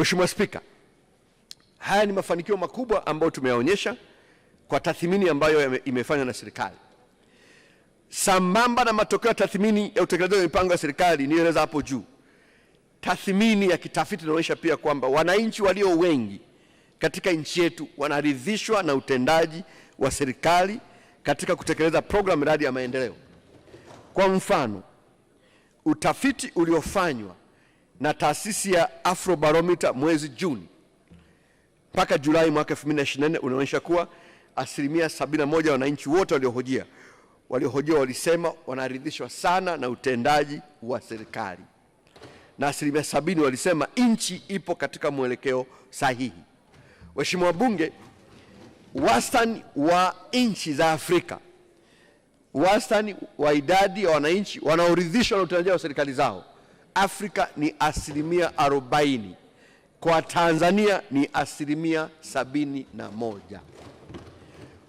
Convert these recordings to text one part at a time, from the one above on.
Mheshimiwa Spika, haya ni mafanikio makubwa ambayo tumeyaonyesha kwa tathmini ambayo imefanywa na serikali. Sambamba na matokeo ya tathmini ya utekelezaji wa mipango ya serikali niyoeleza hapo juu, tathmini ya kitafiti inaonyesha pia kwamba wananchi walio wengi katika nchi yetu wanaridhishwa na utendaji wa serikali katika kutekeleza programu miradi ya maendeleo. Kwa mfano, utafiti uliofanywa na taasisi ya Afrobarometer mwezi Juni mpaka Julai mwaka 2024 unaonyesha kuwa asilimia 71 ya wananchi wote waliohojia waliohojiwa walisema wanaridhishwa sana na utendaji wa serikali na asilimia sabini walisema nchi ipo katika mwelekeo sahihi. Waheshimiwa wabunge, wastani wa nchi za Afrika, wastani wa idadi ya wananchi wanaoridhishwa na utendaji wa serikali zao Afrika ni asilimia arobaini, kwa Tanzania ni asilimia sabini na moja.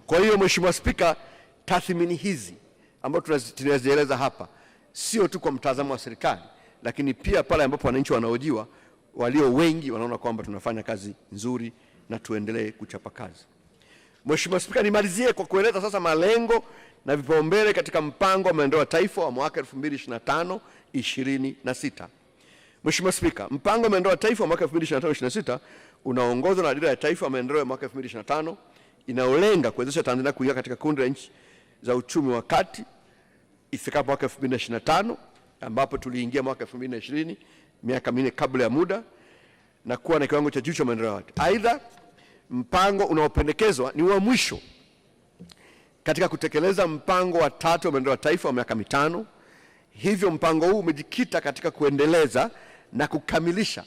Kwa hiyo Mheshimiwa Spika, tathmini hizi ambazo tunazieleza hapa sio tu kwa mtazamo wa serikali, lakini pia pale ambapo wananchi wanaojiwa walio wengi wanaona kwamba tunafanya kazi nzuri na tuendelee kuchapa kazi. Mheshimiwa Spika, nimalizie kwa kueleza sasa malengo na vipaumbele katika mpango wa maendeleo ya taifa wa mwaka 2025 26. Mheshimiwa Spika, mpango wa maendeleo ya taifa wa mwaka 2025 26 unaongozwa na dira ya taifa ya maendeleo ya mwaka 2025 inayolenga kuwezesha Tanzania kuingia katika kundi la nchi za uchumi wa kati ifikapo mwaka 2025 ambapo tuliingia mwaka 2020 miaka minne kabla ya muda na kuwa na kiwango cha juu cha maendeleo. Aidha, mpango unaopendekezwa ni wa mwisho katika kutekeleza mpango wa tatu wa maendeleo ya taifa wa miaka mitano. Hivyo mpango huu umejikita katika kuendeleza na kukamilisha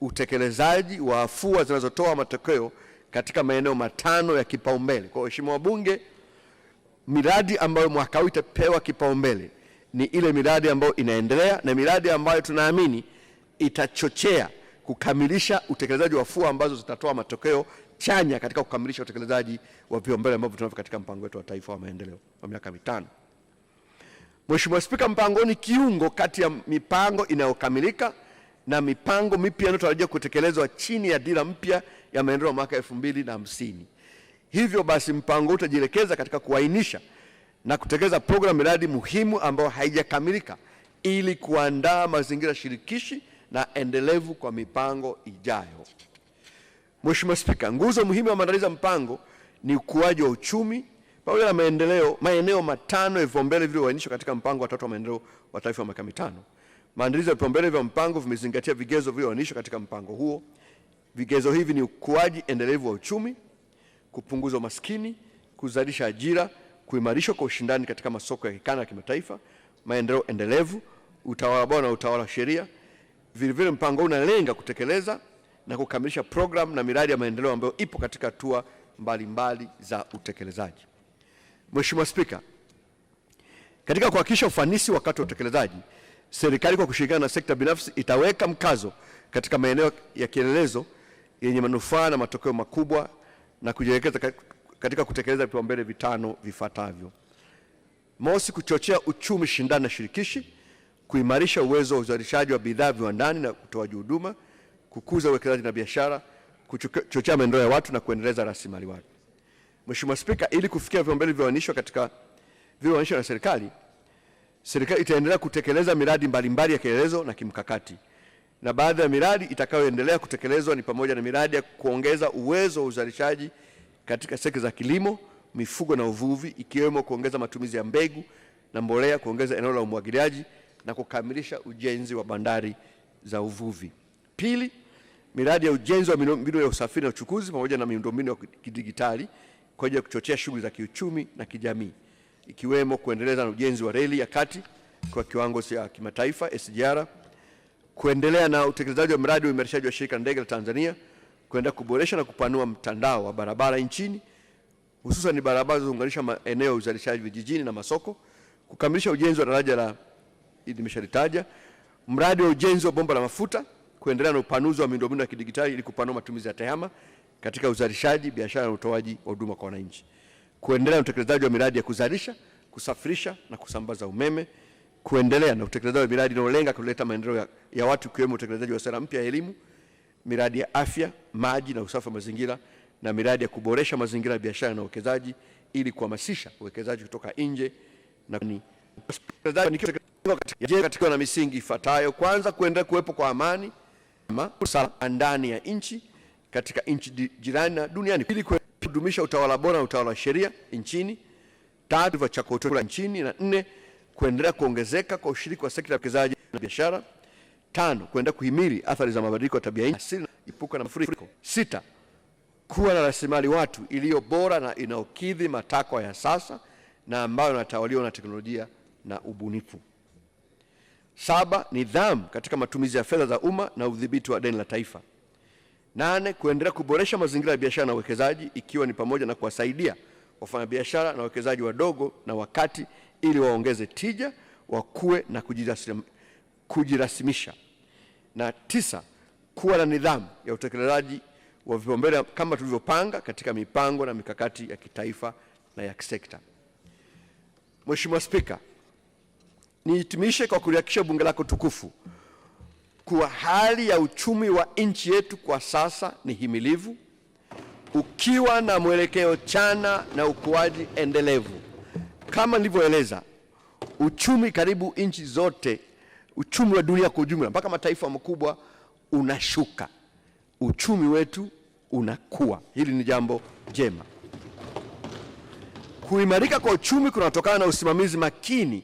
utekelezaji wa afua zinazotoa matokeo katika maeneo matano ya kipaumbele. Kwa waheshimiwa wabunge, miradi ambayo mwaka huu itapewa kipaumbele ni ile miradi ambayo inaendelea na miradi ambayo tunaamini itachochea kukamilisha utekelezaji wa afua ambazo zitatoa matokeo chanya katika kukamilisha utekelezaji wa vipaumbele ambavyo tunavyo katika mpango wetu wa taifa wa maendeleo wa miaka mitano. Mheshimiwa Spika, mpango ni kiungo kati ya mipango inayokamilika na mipango mipya inayotarajiwa kutekelezwa chini ya dira mpya ya maendeleo ya mwaka elfu mbili na hamsini. Hivyo basi mpango utajielekeza katika kuainisha na kutekeleza programu miradi muhimu ambayo haijakamilika ili kuandaa mazingira shirikishi na endelevu kwa mipango ijayo. Mheshimiwa Spika, nguzo muhimu ya maandalizi ya mpango ni ukuaji wa uchumi pamoja na maendeleo, maeneo matano ya vipaumbele vilivyoainishwa katika mpango wa tatu wa maendeleo wa taifa wa miaka mitano. Maandalizi ya vipaumbele vya mpango vimezingatia vigezo vilivyoainishwa katika mpango huo. Vigezo hivi ni ukuaji endelevu wa uchumi, kupunguza umaskini, kuzalisha ajira, kuimarishwa kwa ushindani katika masoko ya kikanda na kimataifa, maendeleo endelevu, utawala bora na utawala wa sheria. Vilevile, mpango huu unalenga kutekeleza na kukamilisha program na miradi ya maendeleo ambayo ipo katika hatua mbalimbali za utekelezaji. Mheshimiwa Spika, katika kuhakikisha ufanisi wakati wa utekelezaji, serikali kwa kushirikiana na sekta binafsi itaweka mkazo katika maeneo ya kielelezo yenye manufaa na matokeo makubwa na kujielekeza katika kutekeleza vipaumbele vitano vifuatavyo: mosi, kuchochea uchumi shindani na shirikishi, kuimarisha uwezo wa uzalishaji wa bidhaa viwandani na utoaji huduma kukuza uwekezaji na biashara, kuchochea maendeleo ya watu na kuendeleza rasilimali watu. Mheshimiwa Spika, ili kufikia vipaumbele vilivyoainishwa katika vilivyoainishwa na serikali, serikali itaendelea kutekeleza miradi mbalimbali ya kielelezo na kimkakati, na baadhi ya miradi itakayoendelea kutekelezwa ni pamoja na miradi ya kuongeza uwezo wa uzalishaji katika sekta za kilimo, mifugo na uvuvi, ikiwemo kuongeza matumizi ya mbegu na mbolea, kuongeza eneo la umwagiliaji na kukamilisha ujenzi wa bandari za uvuvi. Pili, miradi ya ujenzi wa miundombinu ya usafiri na uchukuzi pamoja na miundombinu ya kidigitali kwa ajili ya kuchochea shughuli za kiuchumi na kijamii ikiwemo kuendeleza na ujenzi wa reli ya kati kwa kiwango cha kimataifa SGR, kuendelea na utekelezaji wa mradi wa uimarishaji wa shirika la ndege la Tanzania kwenda kuboresha na kupanua mtandao wa barabara nchini hususan barabara zinazounganisha maeneo ya uzalishaji vijijini na masoko, kukamilisha ujenzi wa daraja la nimeshalitaja, mradi wa ujenzi wa bomba la mafuta kuendelea na upanuzi wa miundombinu ya kidigitali ili kupanua matumizi ya TEHAMA katika uzalishaji, biashara na utoaji wa huduma kwa wananchi, kuendelea na utekelezaji wa miradi ya kuzalisha, kusafirisha na kusambaza umeme, kuendelea na utekelezaji wa miradi inayolenga kuleta maendeleo ya, ya watu ikiwemo utekelezaji wa sera mpya ya elimu, miradi ya afya, maji na usafi wa mazingira na miradi ya kuboresha mazingira ya biashara na uwekezaji ili kuhamasisha uwekezaji kutoka nje na katika na misingi ifuatayo: kwanza, kuendelea kuwepo kwa amani ndani ya nchi katika nchi jirani na duniani, ili kudumisha utawala bora na utawala wa sheria nchini. Tatu, vya chakula nchini. Na nne, kuendelea kuongezeka kwa ushiriki wa sekta ya uwekezaji na biashara. Tano, kuendelea kuhimili athari za mabadiliko ya tabia nchi, ipuka na mafuriko. Sita, kuwa na rasilimali watu iliyo bora na inaokidhi matakwa ya sasa na ambayo inatawaliwa na teknolojia na ubunifu. Saba, nidhamu katika matumizi ya fedha za umma na udhibiti wa deni la taifa. Nane, kuendelea kuboresha mazingira ya biashara na uwekezaji ikiwa ni pamoja na kuwasaidia wafanyabiashara na wawekezaji wadogo na wakati ili waongeze tija, wakue na kujirasimisha. Na tisa, kuwa na nidhamu ya utekelezaji wa vipaumbele kama tulivyopanga katika mipango na mikakati ya kitaifa na ya kisekta. Mheshimiwa Spika, Nihitimishe kwa kuliakisha bunge lako tukufu kuwa hali ya uchumi wa nchi yetu kwa sasa ni himilivu, ukiwa na mwelekeo chana na ukuaji endelevu. Kama nilivyoeleza, uchumi karibu nchi zote, uchumi wa dunia kwa ujumla, mpaka mataifa makubwa, unashuka. Uchumi wetu unakuwa. Hili ni jambo jema. Kuimarika kwa uchumi kunatokana na usimamizi makini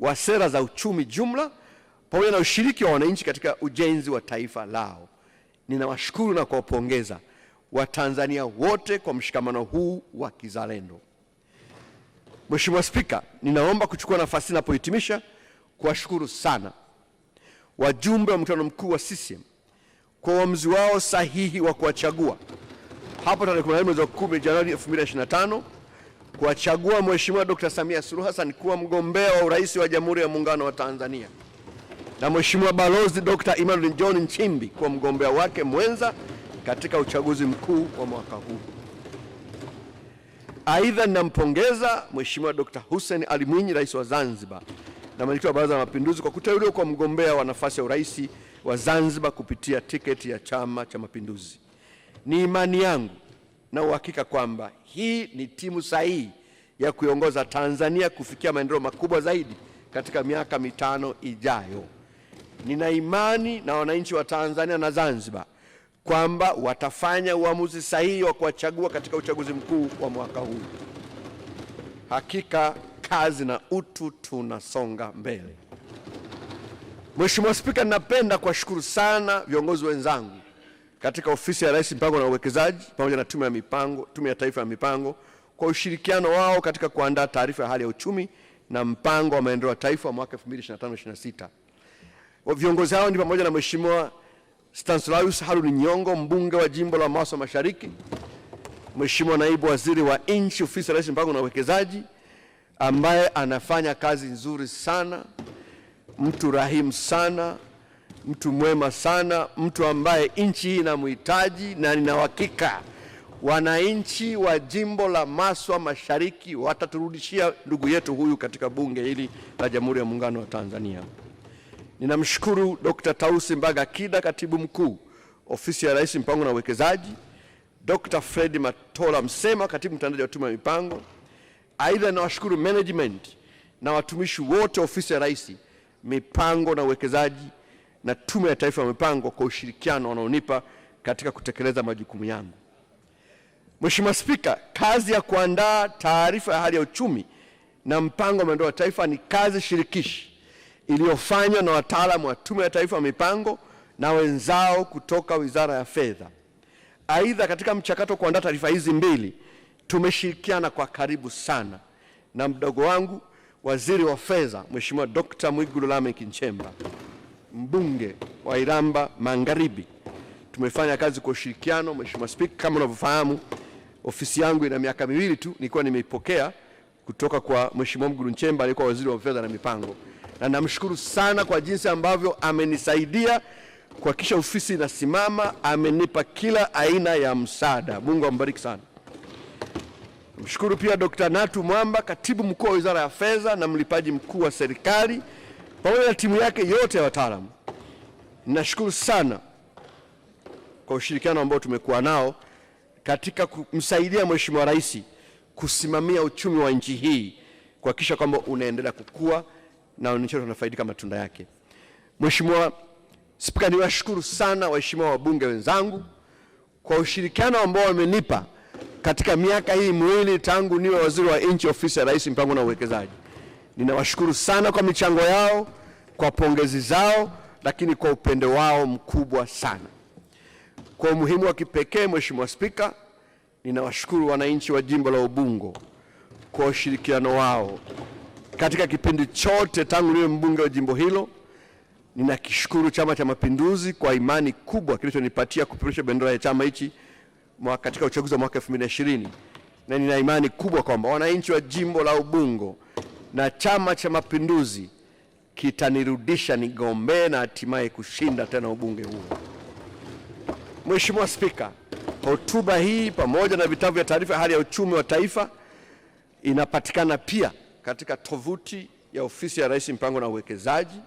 wa sera za uchumi jumla pamoja na ushiriki wa wananchi katika ujenzi wa taifa lao. Ninawashukuru na kuwapongeza Watanzania wote kwa mshikamano huu wa kizalendo. Mheshimiwa Spika, ninaomba kuchukua nafasi ninapohitimisha kuwashukuru sana wajumbe wa mkutano mkuu wa CCM kwa uamuzi wao sahihi wa kuwachagua hapo tarehe 14 mwezi wa 10 Januari 2025 kuwachagua Mheshimiwa Dr. Samia Suluhu Hassan kuwa mgombea wa urais wa Jamhuri ya Muungano wa Tanzania na Mheshimiwa Balozi dr Emmanuel John Nchimbi kuwa mgombea wake mwenza katika uchaguzi mkuu wa mwaka huu. Aidha, ninampongeza Mheshimiwa Dr. Hussein Ali Mwinyi, Rais wa Zanzibar na Mwenyekiti wa Baraza la Mapinduzi kwa kuteuliwa kwa mgombea wa nafasi ya urais wa Zanzibar kupitia tiketi ya Chama cha Mapinduzi. Ni imani yangu na uhakika kwamba hii ni timu sahihi ya kuiongoza Tanzania kufikia maendeleo makubwa zaidi katika miaka mitano ijayo. Nina imani na wananchi wa Tanzania na Zanzibar kwamba watafanya uamuzi sahihi wa kuwachagua katika uchaguzi mkuu wa mwaka huu. Hakika kazi na utu, tunasonga mbele. Mheshimiwa Spika, napenda kuwashukuru sana viongozi wenzangu katika ofisi ya Rais mpango na uwekezaji pamoja na tume ya mipango, tume ya taifa ya mipango kwa ushirikiano wao katika kuandaa taarifa ya hali ya uchumi na mpango wa maendeleo ya taifa mwaka 2025-2026. Viongozi hao ni pamoja na Mheshimiwa Stanislaus Haruni Nyongo, mbunge wa jimbo la Maswa Mashariki, Mheshimiwa naibu waziri wa nchi ofisi ya Rais mpango na uwekezaji ambaye anafanya kazi nzuri sana, mtu rahimu sana, mtu mwema sana, mtu ambaye nchi hii inamhitaji, na nina uhakika wananchi wa jimbo la Maswa Mashariki wataturudishia ndugu yetu huyu katika bunge hili la Jamhuri ya Muungano wa Tanzania. Ninamshukuru Dr. Tausi Mbaga Kida, katibu mkuu ofisi ya Rais Mpango na Uwekezaji, Dr. Fred Matola Msema, katibu mtendaji wa Tume ya Mipango. Aidha, nawashukuru management na watumishi wote ofisi ya Rais Mipango na Uwekezaji na Tume ya Taifa ya Mipango kwa ushirikiano wanaonipa katika kutekeleza majukumu yangu. Mheshimiwa Spika, kazi ya kuandaa taarifa ya hali ya uchumi na mpango wa maendeleo ya taifa ni kazi shirikishi iliyofanywa na wataalamu wa Tume ya Taifa ya Mipango na wenzao kutoka Wizara ya Fedha. Aidha, katika mchakato wa kuandaa taarifa hizi mbili tumeshirikiana kwa karibu sana na mdogo wangu Waziri wa Fedha Mheshimiwa Dr. Mwigulu Lameck Nchemba mbunge wa Iramba Magharibi. Tumefanya kazi kwa ushirikiano, Mheshimiwa Spika. Kama unavyofahamu, ofisi yangu ina miaka miwili tu, nilikuwa nimeipokea kutoka kwa Mheshimiwa Mgulu Nchemba aliyekuwa waziri wa fedha na mipango, na namshukuru sana kwa jinsi ambavyo amenisaidia kuhakikisha ofisi inasimama. Amenipa kila aina ya msaada, Mungu ambariki sana. Mshukuru pia Dr. Natu Mwamba, katibu mkuu wa Wizara ya Fedha na mlipaji mkuu wa serikali pamoja na timu yake yote ya wataalamu. Nashukuru sana kwa ushirikiano ambao tumekuwa nao katika kumsaidia Mheshimiwa Rais kusimamia uchumi wa nchi hii kuhakikisha kwamba unaendelea kukua na wananchi wanafaidika matunda yake. Mheshimiwa Spika, niwashukuru sana waheshimiwa wabunge wenzangu kwa ushirikiano ambao wamenipa katika miaka hii miwili tangu niwe waziri wa nchi ofisi ya Rais, mpango na uwekezaji. Ninawashukuru sana kwa michango yao, kwa pongezi zao, lakini kwa upendo wao mkubwa sana. Kwa umuhimu wa kipekee, Mheshimiwa Spika, ninawashukuru wananchi wa jimbo la Ubungo kwa ushirikiano wao katika kipindi chote tangu niwe mbunge wa jimbo hilo. Ninakishukuru Chama cha Mapinduzi kwa imani kubwa kilichonipatia kupeperusha bendera ya chama hichi katika uchaguzi wa mwaka 2020 na nina imani kubwa kwamba wananchi wa jimbo la Ubungo na Chama cha Mapinduzi kitanirudisha nigombee na hatimaye kushinda tena ubunge huo. Mheshimiwa Spika, hotuba hii pamoja na vitabu vya taarifa ya hali ya uchumi wa taifa inapatikana pia katika tovuti ya ofisi ya Rais Mpango na Uwekezaji.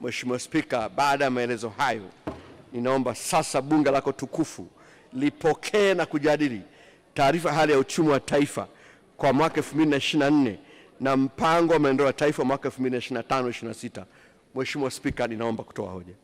Mheshimiwa Spika, baada ya maelezo hayo, ninaomba sasa bunge lako tukufu lipokee na kujadili taarifa hali ya uchumi wa taifa kwa mwaka 2024 na mpango wa maendeleo ya taifa mwaka 2025 26. Mheshimiwa Spika, ninaomba kutoa hoja.